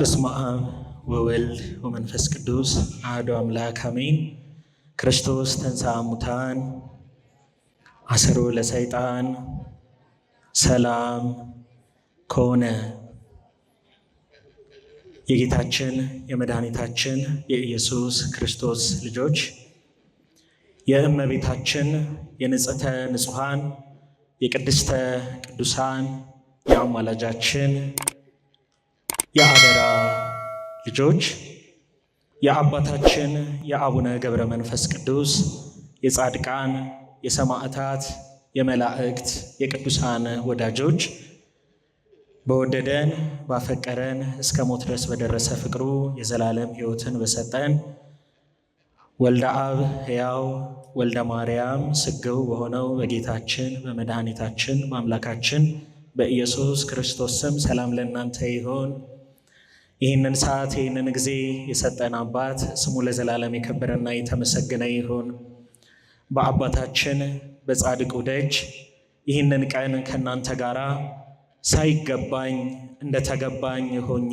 በስመ አብ ወወልድ ወመንፈስ ቅዱስ አሐዱ አምላክ አሜን። ክርስቶስ ተንሥአ እሙታን አሰሮ ለሰይጣን ሰላም ከሆነ የጌታችን የመድኃኒታችን የኢየሱስ ክርስቶስ ልጆች የእመቤታችን የንጽሕተ ንጹሐን የቅድስተ ቅዱሳን የአማላጃችን የአደራ ልጆች የአባታችን የአቡነ ገብረ መንፈስ ቅዱስ የጻድቃን የሰማዕታት የመላእክት የቅዱሳን ወዳጆች በወደደን ባፈቀረን እስከ ሞት ድረስ በደረሰ ፍቅሩ የዘላለም ሕይወትን በሰጠን ወልደ አብ ሕያው ወልደ ማርያም ስግው በሆነው በጌታችን በመድኃኒታችን በአምላካችን በኢየሱስ ክርስቶስ ስም ሰላም ለእናንተ ይሆን። ይህንን ሰዓት ይህንን ጊዜ የሰጠን አባት ስሙ ለዘላለም የከበረና የተመሰገነ ይሁን። በአባታችን በጻድቁ ደጅ ይህንን ቀን ከእናንተ ጋር ሳይገባኝ እንደተገባኝ ሆኜ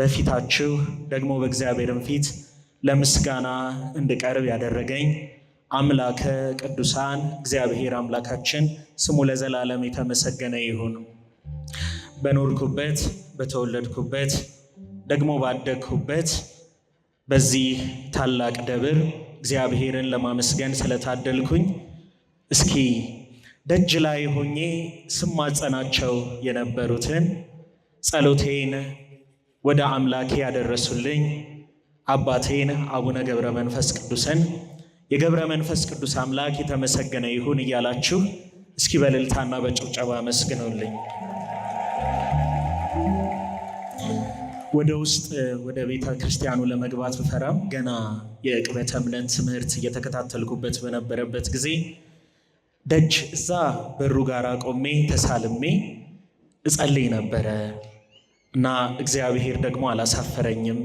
በፊታችሁ ደግሞ በእግዚአብሔርም ፊት ለምስጋና እንድቀርብ ያደረገኝ አምላከ ቅዱሳን እግዚአብሔር አምላካችን ስሙ ለዘላለም የተመሰገነ ይሁን። በኖርኩበት በተወለድኩበት ደግሞ ባደግሁበት በዚህ ታላቅ ደብር እግዚአብሔርን ለማመስገን ስለታደልኩኝ እስኪ ደጅ ላይ ሆኜ ስማጸናቸው የነበሩትን ጸሎቴን ወደ አምላኬ ያደረሱልኝ አባቴን አቡነ ገብረ መንፈስ ቅዱስን የገብረ መንፈስ ቅዱስ አምላክ የተመሰገነ ይሁን እያላችሁ እስኪ በልልታና በጭብጨባ አመስግኑልኝ። ወደ ውስጥ ወደ ቤተ ክርስቲያኑ ለመግባት ብፈራም ገና የዕቅበተ እምነት ትምህርት እየተከታተልኩበት በነበረበት ጊዜ ደጅ እዛ በሩ ጋር ቆሜ ተሳልሜ እጸልይ ነበረ እና እግዚአብሔር ደግሞ አላሳፈረኝም።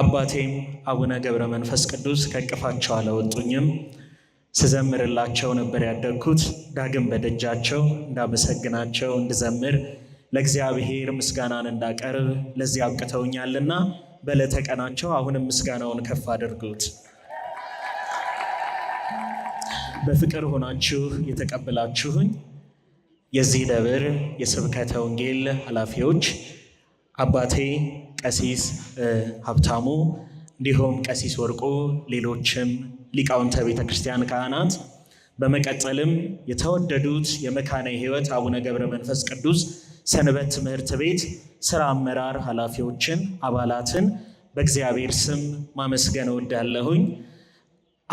አባቴም አቡነ ገብረ መንፈስ ቅዱስ ከቅፋቸው አላወጡኝም። ስዘምርላቸው ነበር ያደግኩት። ዳግም በደጃቸው እንዳመሰግናቸው እንድዘምር ለእግዚአብሔር ምስጋናን እንዳቀርብ ለዚህ አብቅተውኛልና በዕለተ ቀናቸው አሁንም ምስጋናውን ከፍ አድርጉት። በፍቅር ሆናችሁ የተቀበላችሁኝ የዚህ ደብር የስብከተ ወንጌል ኃላፊዎች አባቴ ቀሲስ ሀብታሙ እንዲሁም ቀሲስ ወርቁ፣ ሌሎችም ሊቃውንተ ቤተ ክርስቲያን ካህናት፣ በመቀጠልም የተወደዱት የመካነ ሕይወት አቡነ ገብረ መንፈስ ቅዱስ ሰንበት ትምህርት ቤት ስራ አመራር ኃላፊዎችን፣ አባላትን በእግዚአብሔር ስም ማመስገን እወዳለሁኝ።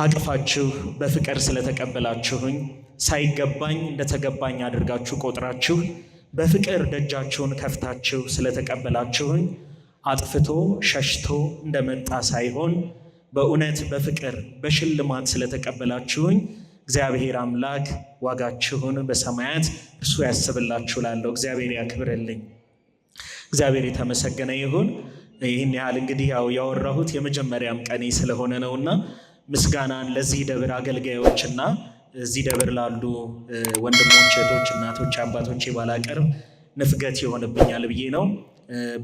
አቅፋችሁ በፍቅር ስለተቀበላችሁኝ ሳይገባኝ እንደተገባኝ አድርጋችሁ ቆጥራችሁ በፍቅር ደጃችሁን ከፍታችሁ ስለተቀበላችሁኝ አጥፍቶ ሸሽቶ እንደመጣ ሳይሆን በእውነት በፍቅር በሽልማት ስለተቀበላችሁኝ እግዚአብሔር አምላክ ዋጋችሁን በሰማያት እርሱ ያስብላችሁ ላለው እግዚአብሔር ያክብርልኝ። እግዚአብሔር የተመሰገነ ይሁን። ይህን ያህል እንግዲህ ያው ያወራሁት የመጀመሪያም ቀኔ ስለሆነ ነውና ምስጋናን ለዚህ ደብር አገልጋዮችና እዚህ ደብር ላሉ ወንድሞች፣ እህቶች፣ እናቶች፣ አባቶች ባላቀርብ ንፍገት ይሆንብኛል ብዬ ነው።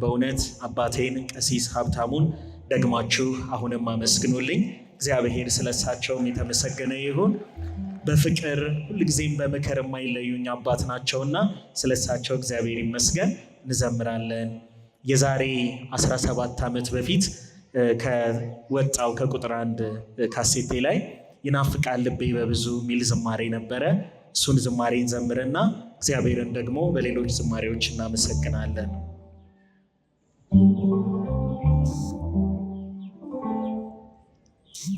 በእውነት አባቴን ቀሲስ ሀብታሙን ደግማችሁ አሁንም አመስግኑልኝ። እግዚአብሔር ስለሳቸውም የተመሰገነ ይሁን። በፍቅር ሁልጊዜም በምክር የማይለዩኝ አባት ናቸውና ስለሳቸው እግዚአብሔር ይመስገን እንዘምራለን። የዛሬ 17 ዓመት በፊት ከወጣው ከቁጥር አንድ ካሴቴ ላይ ይናፍቃል ልቤ በብዙ የሚል ዝማሬ ነበረ። እሱን ዝማሬ እንዘምርና እግዚአብሔርን ደግሞ በሌሎች ዝማሬዎች እናመሰግናለን።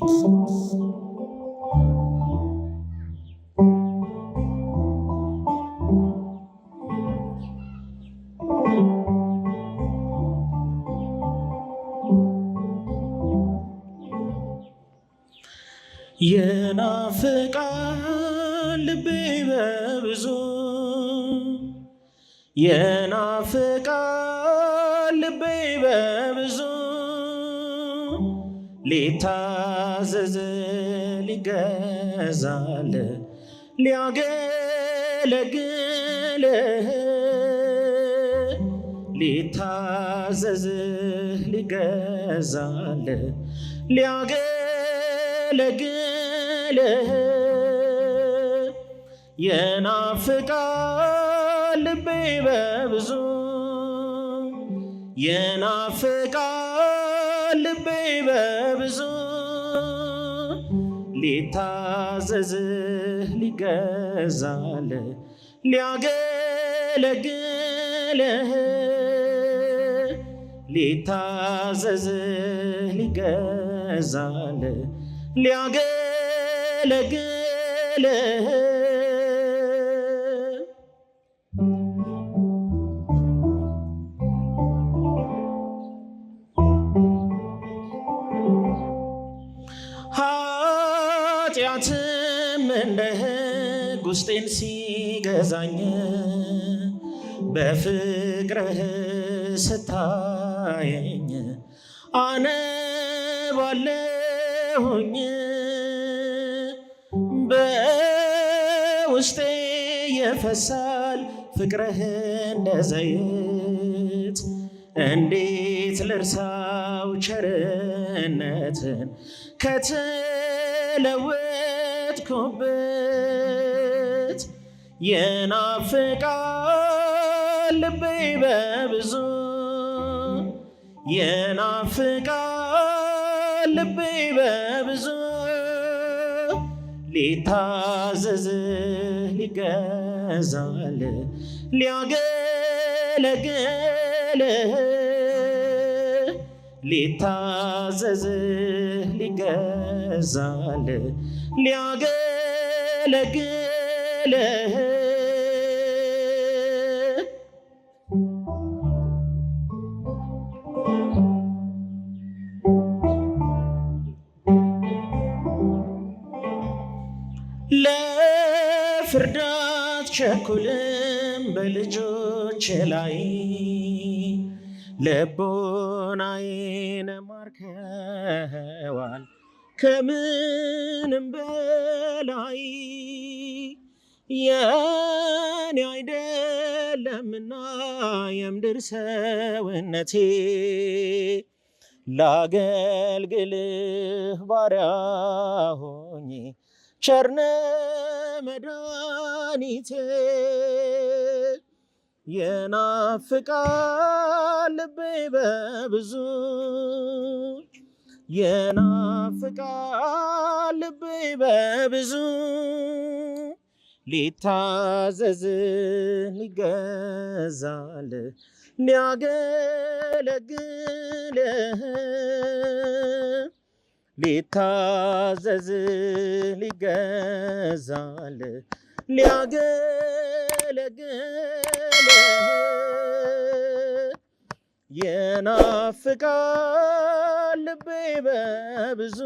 Thank you. የናፍቃል ልቤ በብዙ ይናፍቃል ልቤ በብዙ ሊታዘዝ ሊገዛል ሊያገለግል ሊታዘዝ ሊገዛል ሊያገለግል ገደለ የናፍቃል ልቤ በብዙ የናፍቃል ልቤ በብዙ ሊታዘዝህ ሊገዛል ሊያገለግልህ ሊታዘዝህ ሊገዛል ሊያገ ገለገለ ኃጢአትም እንደ ሕግ ውስጤን ሲገዛኝ በፍቅርህ ስታየኝ አነባለሁኝ ይፈሳል ፍቅርህን ነዘይት እንዴት ልርሳው ቸርነትን ከተለወጥኩበት የናፍቃል ልቤ በብዙ የናፍቃል ልቤ በብዙ ሊታዘዝ ሊገዛል ሊያገለግል ሊታዘዝ ሊገዛል ሊያገለግል በኩልም በልጆች ላይ ልቦናዬን ማርከዋል ከምንም በላይ የኔ አይደለምና የምድር ሰውነቴ ላገልግልህ ባሪያ ሆኜ ቸርነ መዳ መድኃኒቴ የናፍቃል ልቤ በብዙ የናፍቃል ልቤ በብዙ ሊታዘዝ ሊገዛል ሊያገለግል ሊታዘዝ ሊገዛል ሊያገለግል የናፍቃል ልቤ በብዙ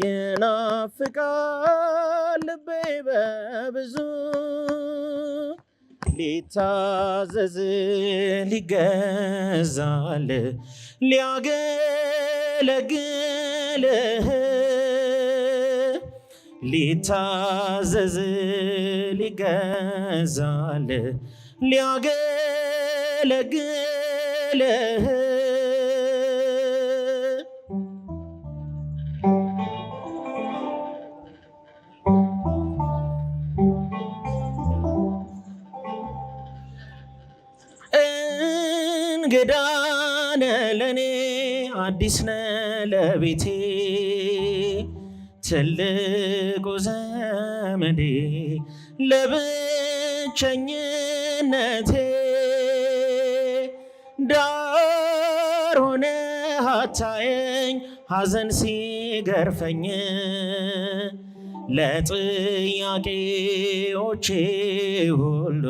የናፍቃል ልቤ በብዙ ሊታዘዝ ሊገዛል ሊታዘዝ ሊገዛል ሊያገለግል እንግዳ ነህ አዲስ ነህ ትልቁ ዘመዴ ለብቸኝነቴ ዳር ሆነ አታየኝ ሐዘን ሲገርፈኝ ለጥያቄዎቼ ሁሉ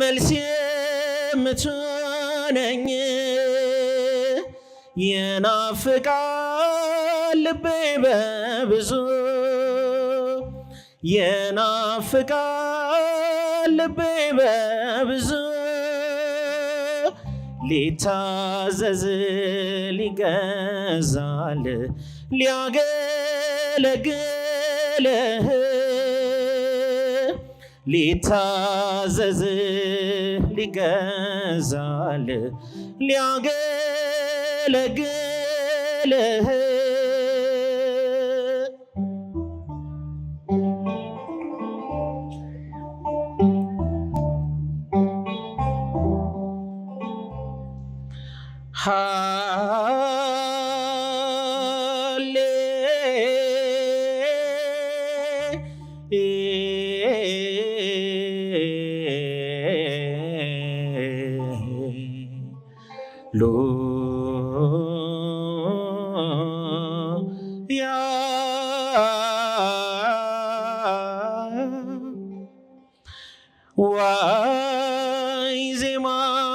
መልስ የምትሆነኝ የናፍቃ ልቤ በብዙ የናፍቃል ልቤ በብዙ ሊታዘዝ ሊገዛል ሊያገለግልህ ሊታዘዝ ሊገዛል ሊያገለግልህ wise am I.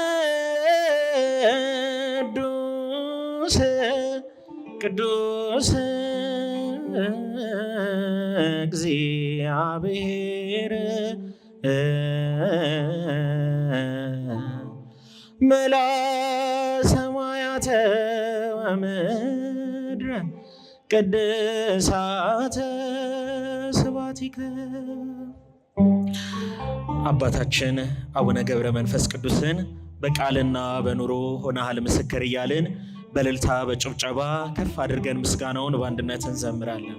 ቅዱስ ቅዱስ እግዚአብሔር መላ ሰማያተ ወምድረ ቅድሳተ ስባቲከ አባታችን አቡነ ገብረ መንፈስ ቅዱስን በቃልና በኑሮ ሆነሃል ምስክር እያልን በልልታ በጭብጨባ ከፍ አድርገን ምስጋናውን በአንድነት እንዘምራለን።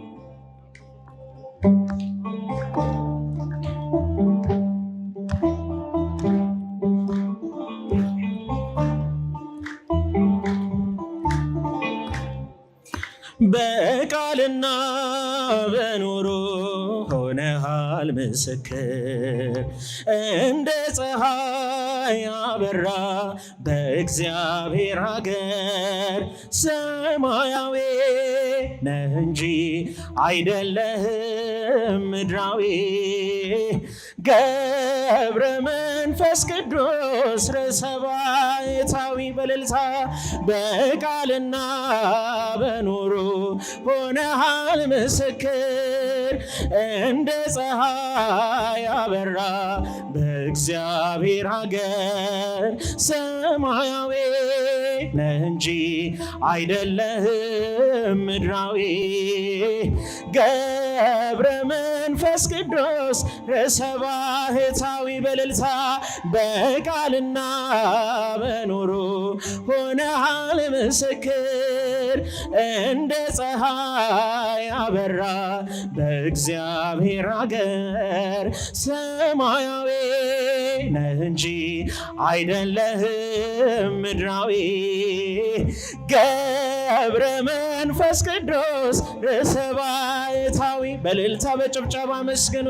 በቃልና በኑሮ ሆነሃል ምስክር አበራ በእግዚአብሔር ሀገር ሰማያዊ ነህ እንጂ አይደለህም ምድራዊ ገብረ መንፈስ ቅዱስ ርዕሰ ባሕታዊ በልልታ በቃልና በኑሩ ሆነሃል ምስክር እንደ ፀሐይ አበራ እግዚአብሔር ሀገር ሰማያዊ ነህ እንጂ አይደለህም ምድራዊ። ገብረ መንፈስ ቅዱስ ርዕሰ ባህታዊ በልልታ በቃልና ሆነ ሆነሃል ምስክር እንደ ፀሐይ አበራ በእግዚአብሔር ሀገር ሰማያዊ ነህ እንጂ አይደለህም ምድራዊ። ገብረ መንፈስ ቅዱስ ርዕሰ ባሕታዊ በልልታ በጭብጨባ መስግኑ።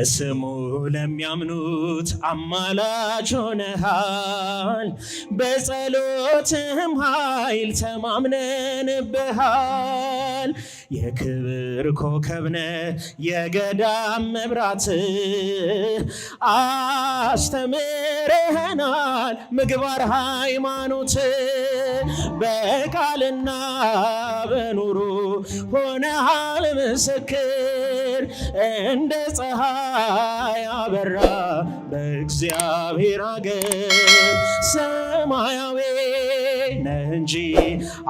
በስሙ ለሚያምኑት አማላች ሆነሃል። በጸሎትህም ኃይል ተማምነንብሃል። የክብር ኮከብነ የገዳም መብራት አስተምረህናል ምግባር ሃይማኖት በቃልና በኑሩ ሆነሃል ምስክር እንደ ፀሐይ አበራ በእግዚአብሔር አገር ሰማያዊ ነህ እንጂ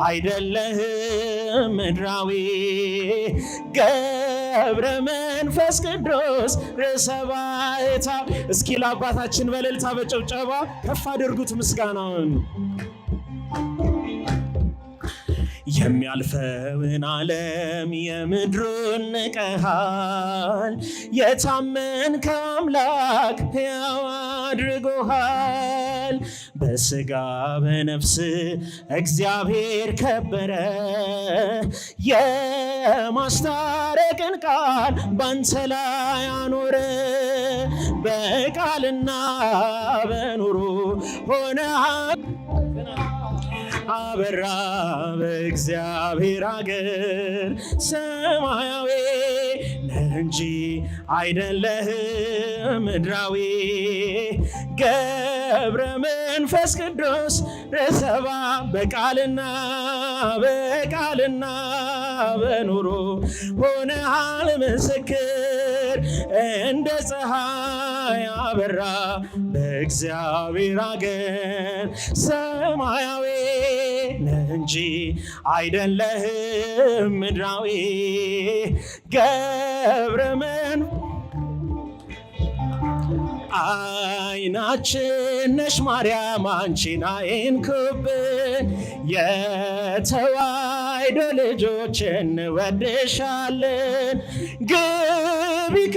አይደለህም ምድራዊ ገብረ መንፈስ ቅዱስ ርዕሰ ባሕታዊ እስኪ ለአባታችን በእልልታ በጭብጨባ ከፍ አድርጉት ምስጋናውን የሚያልፈውን ዓለም የምድሩን ንቀሃል። የታመን ከአምላክ ሕያው አድርጎሃል። በስጋ በነፍስ እግዚአብሔር ከበረ። የማስታረቅን ቃል ባንተ ላይ አኖረ። በቃልና በኑሮ ሆነ አበራ በእግዚአብሔር አገር ሰማያዊ እንጂ አይደለህም ምድራዊ ገብረ መንፈስ ቅዱስ ረሰባ በቃልና በቃልና በኑሮ ሆነሃል ምስክር እንደ ፀሐይ ሰማይ አበራ በእግዚአብሔር አገር ሰማያዊ እንጂ አይደለህም ምድራዊ ገብረመን አይናችን ነሽ ማርያም አንቺን አይንኩብን የተዋሕዶ ልጆች እንወድሻለን ግቢከ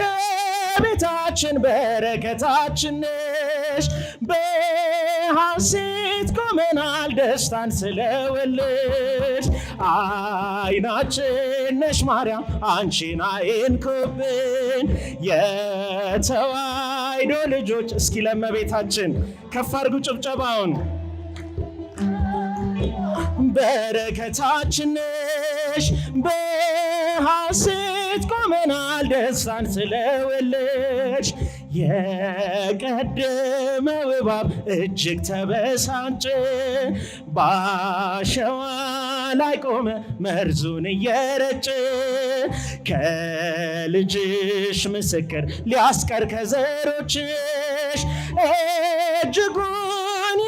እመቤታችን በረከታችን ነሽ። በሐሴት ቆመናል ደስታን ስለወለድሽ አይናችን ነሽ ማርያም አንቺን አይንኩብን የተዋሕዶ ልጆች። እስኪ ለእመቤታችን ከፍ አድርጉ ጭብጨባውን። በረከታችንሽ በሐሴት ቆመናል ደስታን ስለወለድሽ የቀደመው እባብ እጅግ ተበሳጨ፣ ባሸዋ ላይ ቆመ መርዙን እየረጨ ከልጅሽ ምስክር ሊያስቀር ከዘሮችሽ እጅጉ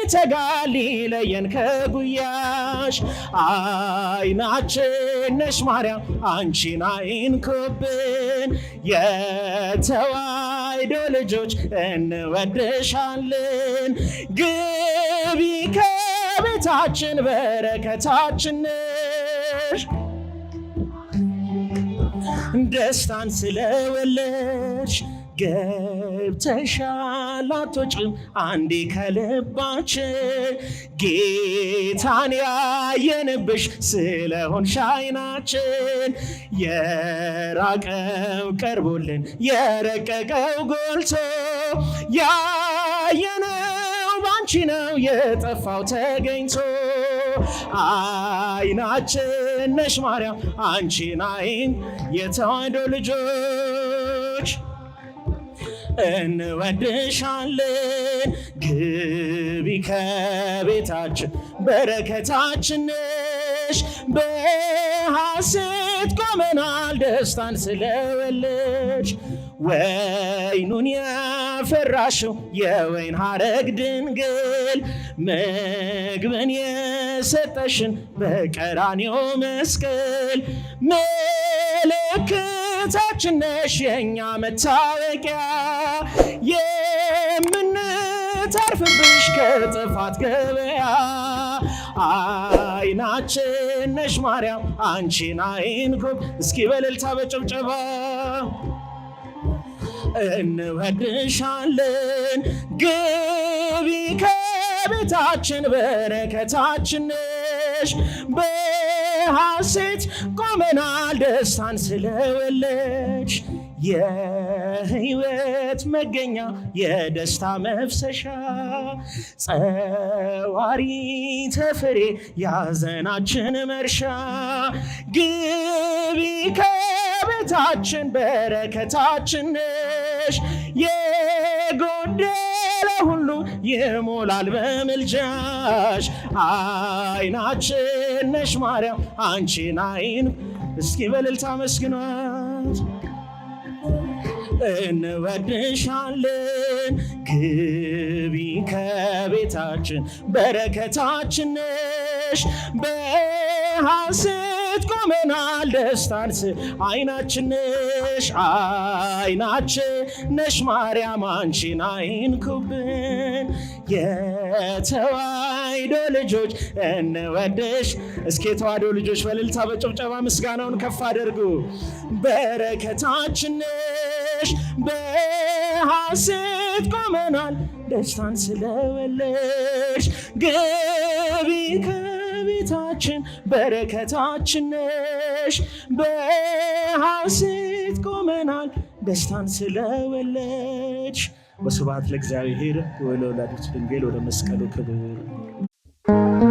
ሊተጋ ሊለየን ከጉያሽ አይናችን ነሽ ማርያም አንቺን አይንኩብን የተዋሕዶ ልጆች እንወድሻለን ግቢ ከቤታችን በረከታችን ደስታን ስለወለድሽ ገብተሻል አትወጪም አንዴ ከልባችን ጌታን ያየንብሽ ስለሆን አይናችን የራቀው ቀርቦልን የረቀቀው ጎልቶ ያየነው ባንቺ ነው የጠፋው ተገኝቶ አይናችን ነሽ ማርያም አንቺን አይን የተዋህዶ ልጆች እንወድሻለን ግቢ ከቤታችን በረከታችንሽ በሐሴት ቆመናል ደስታን ስለወለድሽ ወይኑን የፈራሽው የወይን ሐረግ ድንግል ምግብን የሰጠሽን በቀራኔው መስቀል ምልክት እመቤታችን ነሽ የእኛ መታወቂያ የምንተርፍብሽ ከጥፋት ገበያ አይናችን ነሽ ማርያም አንቺን አይንኩብ እስኪ በእልልታ በጭብጨባ እንወድሻለን ግቢ ከቤታችን በረከታችን ነሽ በሐሴት ቆመናል ደስታን ስለወለች የህይወት መገኛ የደስታ መፍሰሻ ጸዋሪ ተፍሬ ያዘናችን መርሻ ግቢ ከቤታችን በረከታችን ነሽ የጎደ ይሞላል በምልጃሽ አይናችን ነሽ ማርያም አንቺን አይን እስኪ በልልታ መስግናት እንወድሻለን ግቢ ከቤታችን በረከታችን ነሽ በሐሴ ቆመናል ደስታንስ አይናችን ነሽ አይናችን ነሽ ማርያም አንቺን አይንኩብን የተዋሕዶ ልጆች እንወደሽ። እስኪ የተዋሕዶ ልጆች በእልልታ በጭብጨባ ምስጋናውን ከፍ አድርጉ። በረከታችን ነሽ በሐሴት ቆመናል ደስታን ስለወለሽ ግቢ እመቤታችን በረከታችን ነሽ። በሐሴት ቆመናል ደስታን ስለወለድሽ። ወስብሐት ለእግዚአብሔር ወለወላዲቱ ድንግል ወለመስቀሉ ክቡር